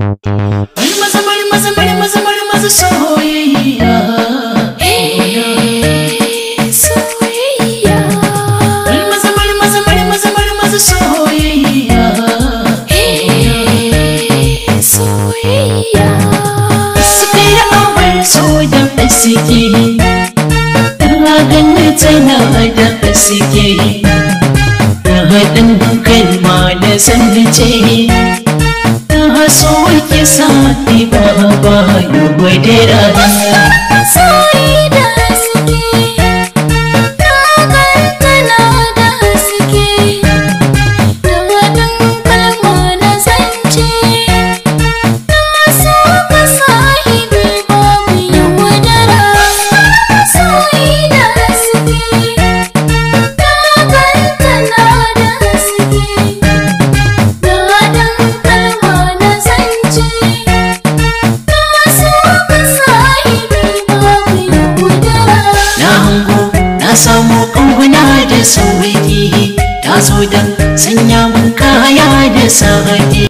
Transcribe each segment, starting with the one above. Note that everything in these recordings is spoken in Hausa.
Bari maza bari maza bari maza bari maza soyayya. Soyayya. da fasike. da fasike. Ta साथी भयो बहिनी zo don sanya mun kaya da sa'adi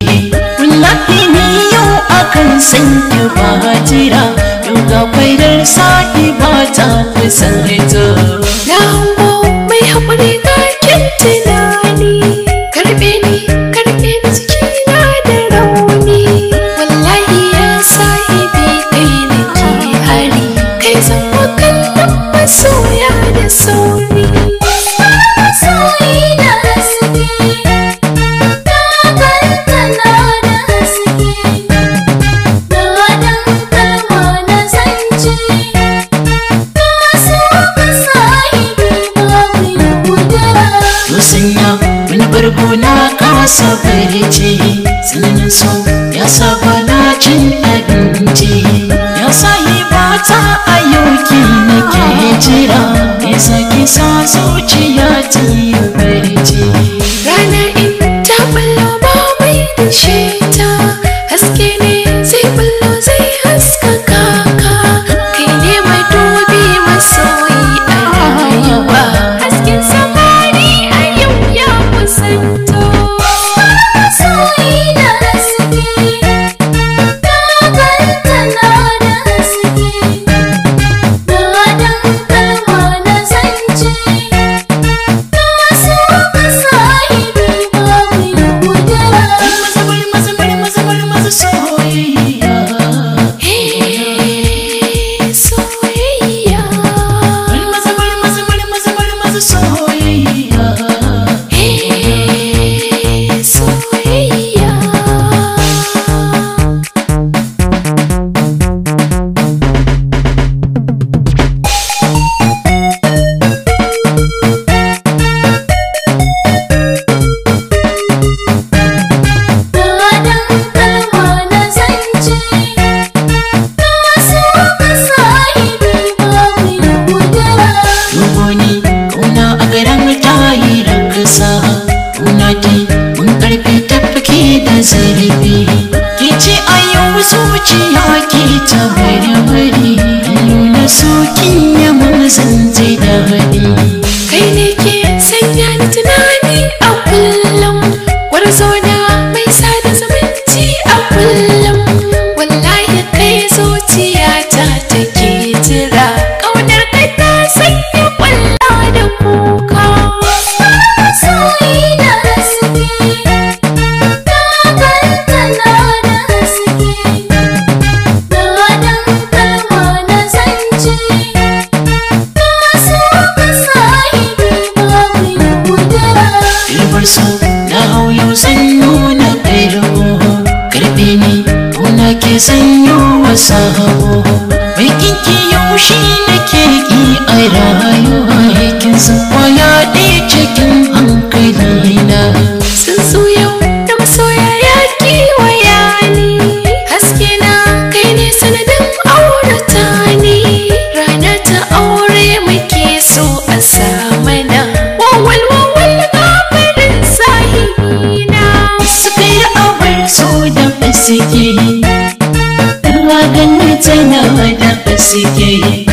wallahi ne yau akan sanya ba jira yau ga kwaidar sa'i ba ta kusan sa barci tsananin so ya sa bana cin abinci ya sa hibata a yauki nake jira ya sa kisa zuciya tiya kita ta da bari nuna sokin ya mun zanje da hadi ke sanyo masa hawo bikin ki yaushe nake ki a rayuwa yakin zuwa ya ɗaya cikin hankali na sun so yau da masoya ya kiwaya ni haske na kai ne sanadin aurata ne rana ta aure muke so a samana wawal wawal gafarin sahina suka yi awar so da fasike ganin tana da yi